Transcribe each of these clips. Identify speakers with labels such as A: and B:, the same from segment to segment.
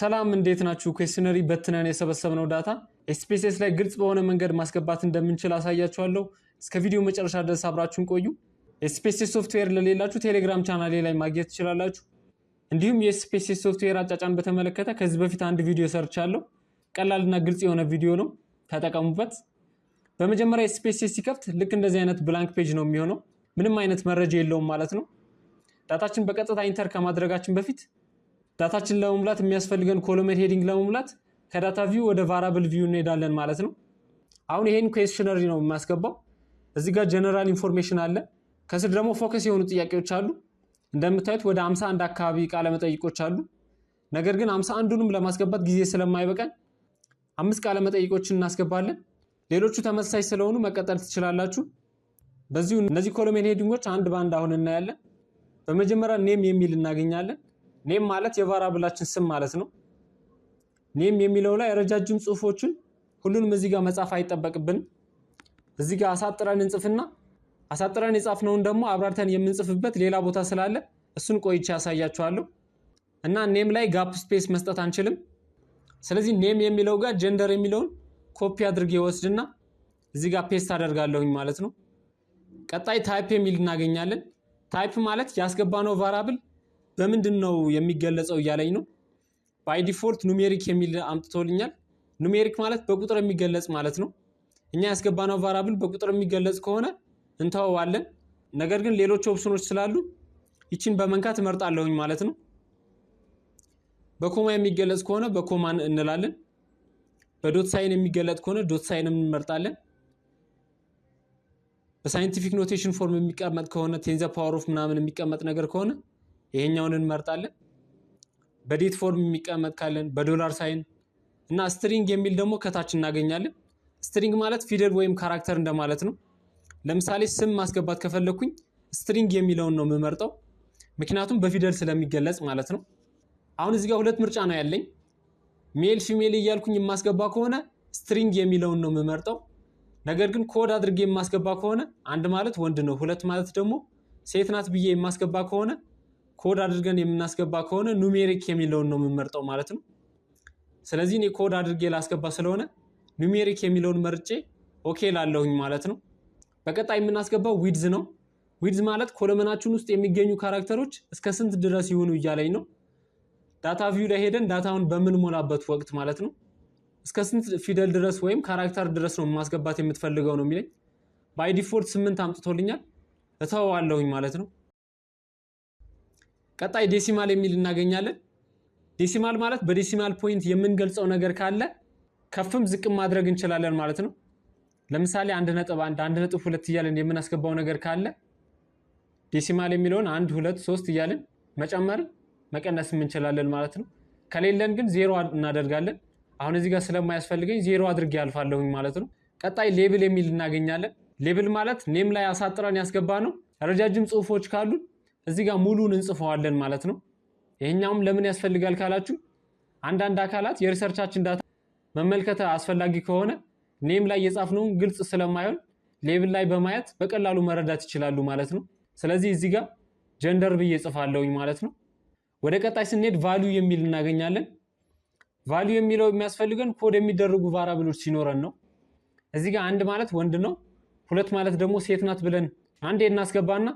A: ሰላም እንዴት ናችሁ? ኩዌስሽነሪ በትነን የሰበሰብነው ዳታ ኤስፔስስ ላይ ግልጽ በሆነ መንገድ ማስገባት እንደምንችል አሳያችኋለሁ። እስከ ቪዲዮ መጨረሻ ድረስ አብራችሁን ቆዩ። ኤስፔሴስ ሶፍትዌር ለሌላችሁ ቴሌግራም ቻናሌ ላይ ማግኘት ትችላላችሁ። እንዲሁም የኤስፔሴስ ሶፍትዌር አጫጫን በተመለከተ ከዚህ በፊት አንድ ቪዲዮ ሰርቻለሁ። ቀላልና ግልጽ የሆነ ቪዲዮ ነው፣ ተጠቀሙበት። በመጀመሪያ ኤስፔሴስ ሲከፍት ልክ እንደዚህ አይነት ብላንክ ፔጅ ነው የሚሆነው። ምንም አይነት መረጃ የለውም ማለት ነው። ዳታችን በቀጥታ ኢንተር ከማድረጋችን በፊት ዳታችን ለመሙላት የሚያስፈልገን ኮሎመን ሄዲንግ ለመሙላት ከዳታ ቪው ወደ ቫራብል ቪው እንሄዳለን ማለት ነው። አሁን ይሄን ኩዌስሽነሪ ነው የሚያስገባው። እዚህ ጋር ጀነራል ኢንፎርሜሽን አለ። ከስር ደግሞ ፎከስ የሆኑ ጥያቄዎች አሉ። እንደምታዩት ወደ 51 አካባቢ ቃለ መጠይቆች አሉ። ነገር ግን 51ዱንም ለማስገባት ጊዜ ስለማይበቀን አምስት ቃለ መጠይቆችን እናስገባለን። ሌሎቹ ተመሳሳይ ስለሆኑ መቀጠል ትችላላችሁ። በዚሁ እነዚህ ኮሎሜን ሄዲንጎች አንድ በአንድ አሁን እናያለን። በመጀመሪያ ኔም የሚል እናገኛለን። ኔም ማለት የቫራብላችን ስም ማለት ነው። ኔም የሚለው ላይ ረጃጅም ጽሁፎችን ሁሉንም እዚህ ጋር መጻፍ አይጠበቅብንም። እዚህ ጋር አሳጥረን እንጽፍና አሳጥረን የጻፍነውን ደግሞ አብራርተን የምንጽፍበት ሌላ ቦታ ስላለ እሱን ቆይቼ ያሳያችኋለሁ። እና ኔም ላይ ጋፕ ስፔስ መስጠት አንችልም። ስለዚህ ኔም የሚለው ጋር ጀንደር የሚለውን ኮፒ አድርጌ ወስድና እዚህ ጋር ፔስት አደርጋለሁኝ ማለት ነው። ቀጣይ ታይፕ የሚል እናገኛለን። ታይፕ ማለት ያስገባነው ቫራብል በምንድን ነው የሚገለጸው እያለኝ ነው። ባይ ዲፎልት ኑሜሪክ የሚል አምጥቶልኛል። ኑሜሪክ ማለት በቁጥር የሚገለጽ ማለት ነው። እኛ ያስገባነው ቫራብል በቁጥር የሚገለጽ ከሆነ እንተወዋለን። ነገር ግን ሌሎች ኦፕሽኖች ስላሉ ይችን በመንካት እመርጣለሁኝ ማለት ነው። በኮማ የሚገለጽ ከሆነ በኮማ እንላለን። በዶት ሳይን የሚገለጥ ከሆነ ዶት ሳይን እንመርጣለን። በሳይንቲፊክ ኖቴሽን ፎርም የሚቀመጥ ከሆነ ቴንዘ ፓወር ኦፍ ምናምን የሚቀመጥ ነገር ከሆነ ይሄኛውን እንመርጣለን። በዴት ፎርም የሚቀመጥ ካለን በዶላር ሳይን እና ስትሪንግ የሚል ደግሞ ከታች እናገኛለን። ስትሪንግ ማለት ፊደል ወይም ካራክተር እንደማለት ነው። ለምሳሌ ስም ማስገባት ከፈለግኩኝ ስትሪንግ የሚለውን ነው የምመርጠው፣ ምክንያቱም በፊደል ስለሚገለጽ ማለት ነው። አሁን እዚህ ጋር ሁለት ምርጫ ነው ያለኝ። ሜል ፊሜል እያልኩኝ የማስገባ ከሆነ ስትሪንግ የሚለውን ነው የምመርጠው። ነገር ግን ኮድ አድርጌ የማስገባ ከሆነ አንድ ማለት ወንድ ነው፣ ሁለት ማለት ደግሞ ሴት ናት ብዬ የማስገባ ከሆነ ኮድ አድርገን የምናስገባ ከሆነ ኑሜሪክ የሚለውን ነው የምንመርጠው ማለት ነው። ስለዚህ እኔ ኮድ አድርጌ ላስገባ ስለሆነ ኑሜሪክ የሚለውን መርጬ ኦኬ ላለሁኝ ማለት ነው። በቀጣይ የምናስገባው ዊድዝ ነው። ዊድዝ ማለት ኮለመናችን ውስጥ የሚገኙ ካራክተሮች እስከ ስንት ድረስ ይሆኑ እያለኝ ነው። ዳታ ቪው ላይ ሄደን ዳታውን በምንሞላበት ወቅት ማለት ነው እስከ ስንት ፊደል ድረስ ወይም ካራክተር ድረስ ነው ማስገባት የምትፈልገው ነው የሚለኝ። ባይ ዲፎልት ስምንት አምጥቶልኛል። እተዋለሁኝ ማለት ነው። ቀጣይ ዴሲማል የሚል እናገኛለን። ዴሲማል ማለት በዴሲማል ፖይንት የምንገልጸው ነገር ካለ ከፍም ዝቅም ማድረግ እንችላለን ማለት ነው። ለምሳሌ አንድ ነጥብ አንድ አንድ ነጥብ ሁለት እያለን የምናስገባው ነገር ካለ ዴሲማል የሚለውን አንድ ሁለት ሶስት እያለን መጨመር መቀነስም እንችላለን ማለት ነው። ከሌለን ግን ዜሮ እናደርጋለን። አሁን እዚህ ጋር ስለማያስፈልገኝ ዜሮ አድርጌ ያልፋለሁኝ ማለት ነው። ቀጣይ ሌብል የሚል እናገኛለን። ሌብል ማለት ኔም ላይ አሳጥረን ያስገባ ነው። ረጃጅም ጽሁፎች ካሉን እዚህ ጋር ሙሉን እንጽፈዋለን ማለት ነው። ይሄኛውም ለምን ያስፈልጋል ካላችሁ አንዳንድ አካላት የሪሰርቻችን ዳታ መመልከት አስፈላጊ ከሆነ ኔም ላይ የጻፍነውን ግልጽ ስለማይሆን ሌብል ላይ በማየት በቀላሉ መረዳት ይችላሉ ማለት ነው። ስለዚህ እዚህ ጋር ጀንደር ብዬ ጽፋለሁኝ ማለት ነው። ወደ ቀጣይ ስንሄድ ቫሊዩ የሚል እናገኛለን። ቫሊዩ የሚለው የሚያስፈልገን ኮድ የሚደረጉ ቫራብሎች ሲኖረን ነው። እዚህ ጋር አንድ ማለት ወንድ ነው፣ ሁለት ማለት ደግሞ ሴት ናት ብለን አንዴ እናስገባና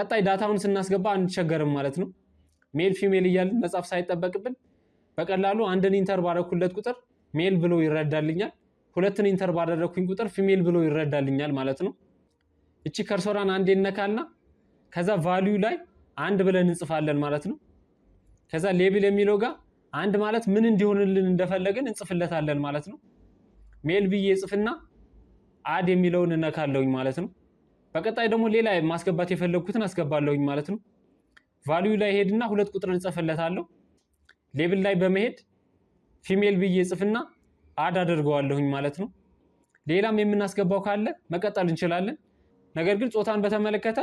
A: ቀጣይ ዳታውን ስናስገባ አንቸገርም ማለት ነው። ሜል ፊሜል እያልን መጻፍ ሳይጠበቅብን በቀላሉ አንድን ኢንተር ባረኩለት ቁጥር ሜል ብሎ ይረዳልኛል። ሁለትን ኢንተር ባደረኩኝ ቁጥር ፊሜል ብሎ ይረዳልኛል ማለት ነው። እቺ ከርሶራን አንዴ እነካና ከዛ ቫሊዩ ላይ አንድ ብለን እንጽፋለን ማለት ነው። ከዛ ሌብል የሚለው ጋር አንድ ማለት ምን እንዲሆንልን እንደፈለግን እንጽፍለታለን ማለት ነው። ሜል ብዬ ጽፍና አድ የሚለውን እነካለሁኝ ማለት ነው። በቀጣይ ደግሞ ሌላ ማስገባት የፈለግኩትን አስገባለሁኝ ማለት ነው። ቫሊዩ ላይ ሄድና ሁለት ቁጥር እጽፍለታለሁ። ሌብል ላይ በመሄድ ፊሜል ብዬ ጽፍና አድ አደርገዋለሁኝ ማለት ነው። ሌላም የምናስገባው ካለ መቀጠል እንችላለን። ነገር ግን ጾታን በተመለከተ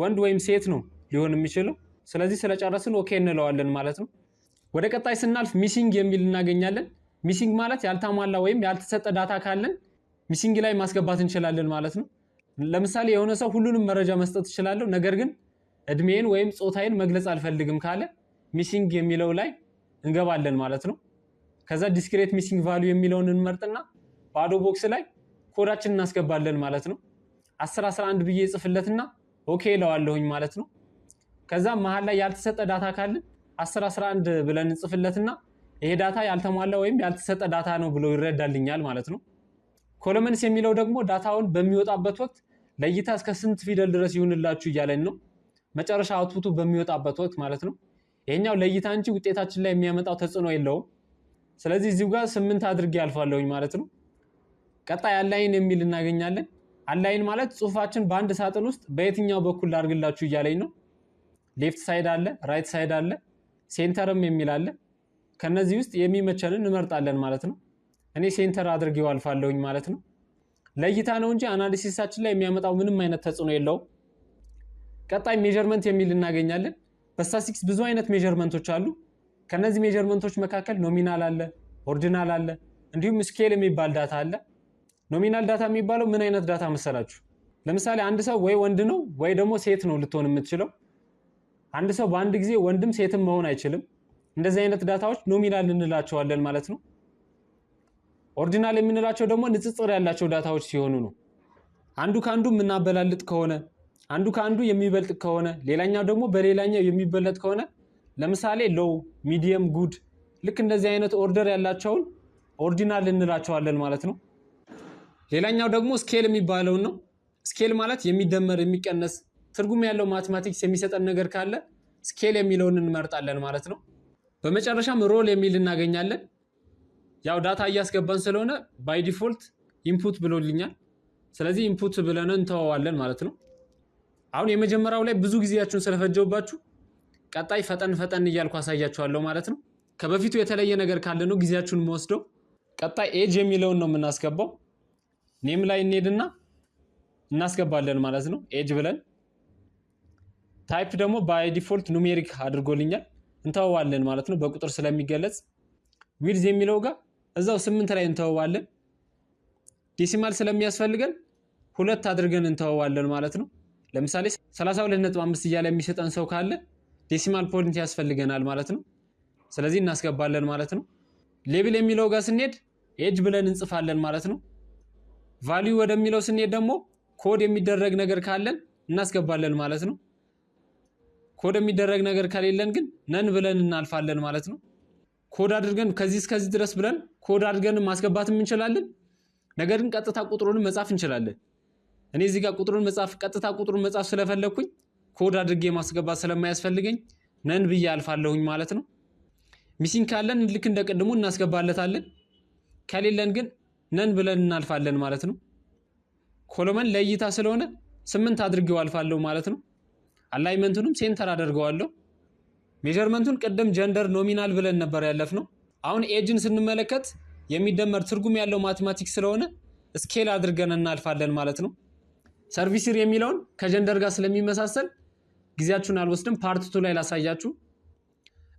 A: ወንድ ወይም ሴት ነው ሊሆን የሚችለው። ስለዚህ ስለጨረስን ኦኬ እንለዋለን ማለት ነው። ወደ ቀጣይ ስናልፍ ሚሲንግ የሚል እናገኛለን። ሚሲንግ ማለት ያልታሟላ ወይም ያልተሰጠ ዳታ ካለን ሚሲንግ ላይ ማስገባት እንችላለን ማለት ነው። ለምሳሌ የሆነ ሰው ሁሉንም መረጃ መስጠት እችላለሁ፣ ነገር ግን እድሜን ወይም ጾታዬን መግለጽ አልፈልግም ካለ ሚሲንግ የሚለው ላይ እንገባለን ማለት ነው። ከዛ ዲስክሬት ሚሲንግ ቫሉ የሚለውን እንመርጥና ባዶ ቦክስ ላይ ኮዳችን እናስገባለን ማለት ነው። 1011 11 ብዬ ጽፍለትና ኦኬ እለዋለሁኝ ማለት ነው። ከዛ መሀል ላይ ያልተሰጠ ዳታ ካለን 1011 11 ብለን እንጽፍለትና ይሄ ዳታ ያልተሟላ ወይም ያልተሰጠ ዳታ ነው ብሎ ይረዳልኛል ማለት ነው። ኮሎመንስ የሚለው ደግሞ ዳታውን በሚወጣበት ወቅት ለእይታ እስከ ስንት ፊደል ድረስ ይሁንላችሁ እያለን ነው። መጨረሻ አውትፑቱ በሚወጣበት ወቅት ማለት ነው። ይሄኛው ለእይታ እንጂ ውጤታችን ላይ የሚያመጣው ተጽዕኖ የለውም። ስለዚህ እዚሁ ጋር ስምንት አድርጌ ያልፋለሁኝ ማለት ነው። ቀጣይ አላይን የሚል እናገኛለን። አላይን ማለት ጽሁፋችን በአንድ ሳጥን ውስጥ በየትኛው በኩል ላድርግላችሁ እያለኝ ነው። ሌፍት ሳይድ አለ፣ ራይት ሳይድ አለ፣ ሴንተርም የሚል አለ። ከነዚህ ውስጥ የሚመቸንን እንመርጣለን ማለት ነው። እኔ ሴንተር አድርጌው አልፋለሁኝ ማለት ነው። ለእይታ ነው እንጂ አናሊሲሳችን ላይ የሚያመጣው ምንም አይነት ተጽዕኖ የለውም። ቀጣይ ሜጀርመንት የሚል እናገኛለን። በስታቲስቲክስ ብዙ አይነት ሜጀርመንቶች አሉ። ከነዚህ ሜጀርመንቶች መካከል ኖሚናል አለ፣ ኦርዲናል አለ፣ እንዲሁም ስኬል የሚባል ዳታ አለ። ኖሚናል ዳታ የሚባለው ምን አይነት ዳታ መሰላችሁ? ለምሳሌ አንድ ሰው ወይ ወንድ ነው ወይ ደግሞ ሴት ነው ልትሆን የምትችለው። አንድ ሰው በአንድ ጊዜ ወንድም ሴትም መሆን አይችልም። እንደዚህ አይነት ዳታዎች ኖሚናል እንላቸዋለን ማለት ነው። ኦርዲናል የምንላቸው ደግሞ ንጽጽር ያላቸው ዳታዎች ሲሆኑ ነው። አንዱ ከአንዱ የምናበላልጥ ከሆነ አንዱ ከአንዱ የሚበልጥ ከሆነ ሌላኛው ደግሞ በሌላኛው የሚበለጥ ከሆነ ለምሳሌ ሎው፣ ሚዲየም፣ ጉድ ልክ እንደዚህ አይነት ኦርደር ያላቸውን ኦርዲናል እንላቸዋለን ማለት ነው። ሌላኛው ደግሞ ስኬል የሚባለውን ነው። ስኬል ማለት የሚደመር የሚቀነስ ትርጉም ያለው ማቴማቲክስ የሚሰጠን ነገር ካለ ስኬል የሚለውን እንመርጣለን ማለት ነው። በመጨረሻም ሮል የሚል እናገኛለን። ያው ዳታ እያስገባን ስለሆነ ባይ ዲፎልት ኢንፑት ብሎልኛል። ስለዚህ ኢንፑት ብለን እንተዋዋለን ማለት ነው። አሁን የመጀመሪያው ላይ ብዙ ጊዜያችሁን ስለፈጀውባችሁ ቀጣይ ፈጠን ፈጠን እያልኩ አሳያችኋለሁ ማለት ነው። ከበፊቱ የተለየ ነገር ካለ ነው ጊዜያችሁን መወስደው። ቀጣይ ኤጅ የሚለውን ነው የምናስገባው። ኔም ላይ እንሄድና እናስገባለን ማለት ነው ኤጅ ብለን። ታይፕ ደግሞ ባይ ዲፎልት ኑሜሪክ አድርጎልኛል፣ እንተዋዋለን ማለት ነው በቁጥር ስለሚገለጽ ዊድዝ የሚለው ጋር እዛው ስምንት ላይ እንተወዋለን። ዴሲማል ስለሚያስፈልገን ሁለት አድርገን እንተወዋለን ማለት ነው። ለምሳሌ 32.5 እያለ የሚሰጠን ሰው ካለ ዴሲማል ፖይንት ያስፈልገናል ማለት ነው። ስለዚህ እናስገባለን ማለት ነው። ሌብል የሚለው ጋር ስንሄድ ኤጅ ብለን እንጽፋለን ማለት ነው። ቫሊዩ ወደሚለው ስንሄድ ደግሞ ኮድ የሚደረግ ነገር ካለን እናስገባለን ማለት ነው። ኮድ የሚደረግ ነገር ከሌለን ግን ነን ብለን እናልፋለን ማለት ነው። ኮድ አድርገን ከዚህ እስከዚህ ድረስ ብለን ኮድ አድርገን ማስገባትም እንችላለን። ነገር ግን ቀጥታ ቁጥሩንም መጻፍ እንችላለን። እኔ እዚህ ጋር ቁጥሩን መጻፍ ቀጥታ ቁጥሩን መጻፍ ስለፈለግኩኝ ኮድ አድርጌ ማስገባት ስለማያስፈልገኝ ነን ብዬ አልፋለሁኝ ማለት ነው። ሚሲንግ ካለን ልክ እንደ ቅድሙ እናስገባለታለን። ከሌለን ግን ነን ብለን እናልፋለን ማለት ነው። ኮሎመን ለእይታ ስለሆነ ስምንት አድርጌው አልፋለሁ ማለት ነው። አላይመንቱንም ሴንተር አደርገዋለሁ። ሜጀርመንቱን ቅድም ጀንደር ኖሚናል ብለን ነበር ያለፍ ነው። አሁን ኤጅን ስንመለከት የሚደመር ትርጉም ያለው ማቴማቲክስ ስለሆነ ስኬል አድርገን እናልፋለን ማለት ነው። ሰርቪስር የሚለውን ከጀንደር ጋር ስለሚመሳሰል ጊዜያችሁን አልወስድም፣ ቱ ላይ ላሳያችሁ።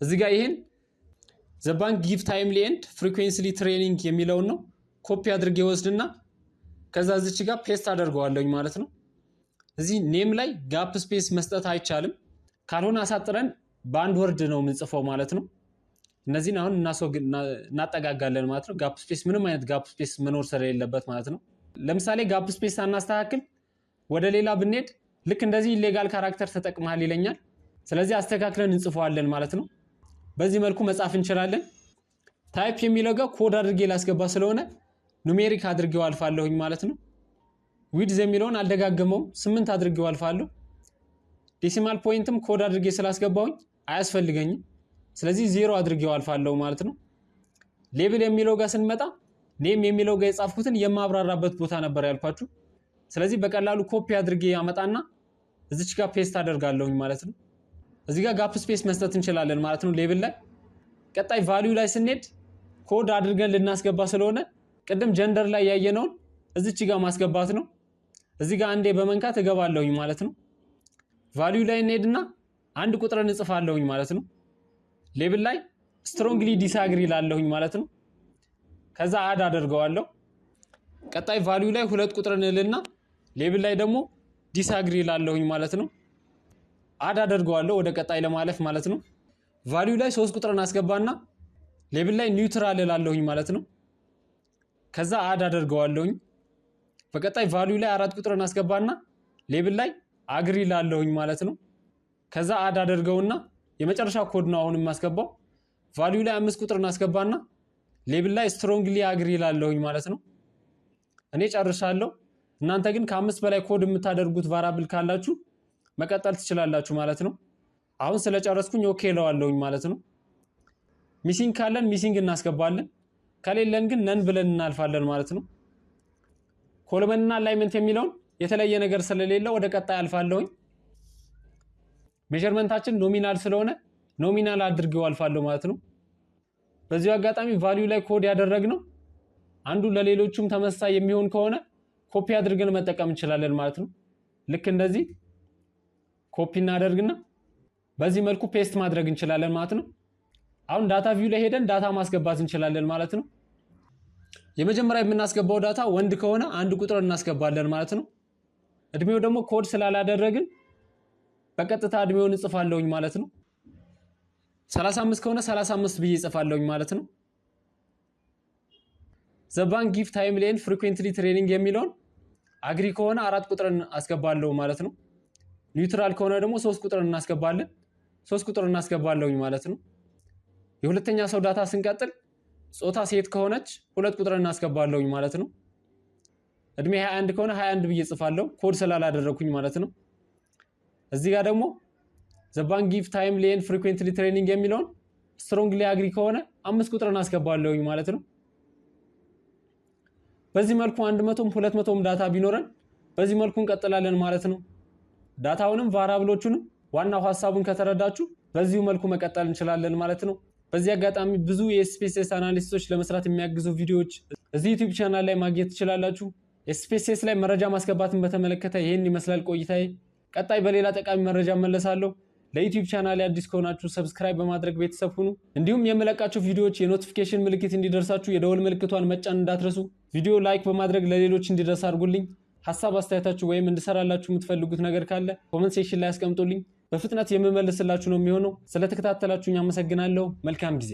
A: እዚ ጋር ይህን ዘ ባንክ ጊቭ ታይምሊ ኤንድ ፍሪኩዌንስሊ ትሬኒንግ የሚለውን ነው ኮፒ አድርጌ ወስድና ከዛ ዝች ጋር ፔስት አደርገዋለኝ ማለት ነው። እዚህ ኔም ላይ ጋፕ ስፔስ መስጠት አይቻልም። ካልሆነ አሳጥረን በአንድ ወርድ ነው የምንጽፈው ማለት ነው። እነዚህን አሁን እናጠጋጋለን ማለት ነው። ጋፕ ስፔስ ምንም አይነት ጋፕ ስፔስ መኖር ስለሌለበት ማለት ነው። ለምሳሌ ጋፕ ስፔስ አናስተካክል ወደ ሌላ ብንሄድ ልክ እንደዚህ ኢሌጋል ካራክተር ተጠቅመሃል ይለኛል። ስለዚህ አስተካክለን እንጽፈዋለን ማለት ነው። በዚህ መልኩ መጻፍ እንችላለን። ታይፕ የሚለው ጋር ኮድ አድርጌ ላስገባ ስለሆነ ኑሜሪክ አድርጌው አልፋለሁኝ ማለት ነው። ዊድዝ የሚለውን አልደጋገመውም፣ ስምንት አድርጌው አልፋለሁ። ዴሲማል ፖይንትም ኮድ አድርጌ ስላስገባውኝ አያስፈልገኝም። ስለዚህ ዜሮ አድርጌው አልፋለሁ ማለት ነው። ሌብል የሚለው ጋር ስንመጣ ኔም የሚለው ጋር የጻፍኩትን የማብራራበት ቦታ ነበር ያልኳችሁ። ስለዚህ በቀላሉ ኮፒ አድርጌ ያመጣና እዚች ጋር ፔስት አደርጋለሁኝ ማለት ነው። እዚህ ጋር ጋፕ ስፔስ መስጠት እንችላለን ማለት ነው ሌብል ላይ። ቀጣይ ቫሊዩ ላይ ስንሄድ ኮድ አድርገን ልናስገባ ስለሆነ ቅድም ጀንደር ላይ ያየነውን እዚች ጋር ማስገባት ነው። እዚህ ጋር አንዴ በመንካት እገባለሁኝ ማለት ነው። ቫሊዩ ላይ እንሄድና አንድ ቁጥርን እጽፋለሁኝ ማለት ነው። ሌብል ላይ ስትሮንግሊ ዲስአግሪ ላለሁኝ ማለት ነው። ከዛ አድ አደርገዋለሁ። ቀጣይ ቫሊዩ ላይ ሁለት ቁጥርን እልና ሌብል ላይ ደግሞ ዲስአግሪ ላለሁኝ ማለት ነው። አድ አደርገዋለሁ ወደ ቀጣይ ለማለፍ ማለት ነው። ቫልዩ ላይ ሶስት ቁጥርን አስገባና ሌብል ላይ ኒውትራል ላለሁኝ ማለት ነው። ከዛ አድ አደርገዋለሁኝ። በቀጣይ ቫሊዩ ላይ አራት ቁጥርን አስገባና ሌብል ላይ አግሪ ላለሁኝ ማለት ነው። ከዛ አድ አደርገውና የመጨረሻ ኮድ ነው አሁን የማስገባው። ቫሊዩ ላይ አምስት ቁጥር እናስገባና ሌብል ላይ ስትሮንግሊ አግሪ ይላለሁኝ ማለት ነው። እኔ ጨርሻለሁ። እናንተ ግን ከአምስት በላይ ኮድ የምታደርጉት ቫራብል ካላችሁ መቀጠል ትችላላችሁ ማለት ነው። አሁን ስለጨረስኩኝ ኦኬ ለዋለሁኝ ማለት ነው። ሚሲንግ ካለን ሚሲንግ እናስገባለን፣ ከሌለን ግን ነን ብለን እናልፋለን ማለት ነው። ኮልመንና አላይመንት የሚለውን የተለየ ነገር ስለሌለ ወደ ቀጣይ አልፋለሁኝ። ሜዠርመንታችን ኖሚናል ስለሆነ ኖሚናል አድርጌው አልፋለሁ ማለት ነው። በዚሁ አጋጣሚ ቫሊዩ ላይ ኮድ ያደረግነው አንዱ ለሌሎቹም ተመሳሳይ የሚሆን ከሆነ ኮፒ አድርገን መጠቀም እንችላለን ማለት ነው። ልክ እንደዚህ ኮፒ እናደርግና በዚህ መልኩ ፔስት ማድረግ እንችላለን ማለት ነው። አሁን ዳታ ቪው ላይ ሄደን ዳታ ማስገባት እንችላለን ማለት ነው። የመጀመሪያ የምናስገባው ዳታ ወንድ ከሆነ አንድ ቁጥር እናስገባለን ማለት ነው። እድሜው ደግሞ ኮድ ስላላደረግን በቀጥታ እድሜውን እጽፋለሁኝ ማለት ነው። 35 ከሆነ 35 ብዬ እጽፋለሁኝ ማለት ነው። ዘባን ጊፍ ታይም ሌን ፍሪኩዌንትሊ ትሬኒንግ የሚለውን አግሪ ከሆነ አራት ቁጥርን አስገባለሁ ማለት ነው። ኒውትራል ከሆነ ደግሞ ሶስት ቁጥርን እናስገባለን። ሶስት ቁጥር እናስገባለሁኝ ማለት ነው። የሁለተኛ ሰው ዳታ ስንቀጥል ጾታ ሴት ከሆነች ሁለት ቁጥር እናስገባለሁኝ ማለት ነው። እድሜ 21 ከሆነ 21 ብዬ ጽፋለሁ ኮድ ስላላደረኩኝ ማለት ነው። እዚህ ጋር ደግሞ ዘባን ጊቭ ታይም ሌን ፍሪኩንትሊ ትሬኒንግ የሚለውን ስትሮንግሊ አግሪ ከሆነ አምስት ቁጥርን አስገባለሁኝ ማለት ነው። በዚህ መልኩ አንድ መቶም ሁለት መቶም ዳታ ቢኖረን በዚህ መልኩ እንቀጥላለን ማለት ነው። ዳታውንም ቫራብሎቹንም ዋናው ሀሳቡን ከተረዳችሁ በዚሁ መልኩ መቀጠል እንችላለን ማለት ነው። በዚህ አጋጣሚ ብዙ የስፔስስ አናሊስቶች ለመስራት የሚያግዙ ቪዲዮዎች እዚህ ዩቲዩብ ቻናል ላይ ማግኘት ትችላላችሁ። ስፔስስ ላይ መረጃ ማስገባትን በተመለከተ ይህን ይመስላል ቆይታዬ። ቀጣይ በሌላ ጠቃሚ መረጃ መለሳለሁ። ለዩቲዩብ ቻናል አዲስ ከሆናችሁ ሰብስክራይብ በማድረግ ቤተሰብ ሁኑ። እንዲሁም የምለቃቸው ቪዲዮዎች የኖቲፊኬሽን ምልክት እንዲደርሳችሁ የደወል ምልክቷን መጫን እንዳትረሱ። ቪዲዮ ላይክ በማድረግ ለሌሎች እንዲደርስ አድርጉልኝ። ሀሳብ አስተያየታችሁ ወይም እንድሰራላችሁ የምትፈልጉት ነገር ካለ ኮመንት ሴክሽን ላይ አስቀምጡልኝ። በፍጥነት የምመልስላችሁ ነው የሚሆነው። ስለተከታተላችሁኝ አመሰግናለሁ። መልካም ጊዜ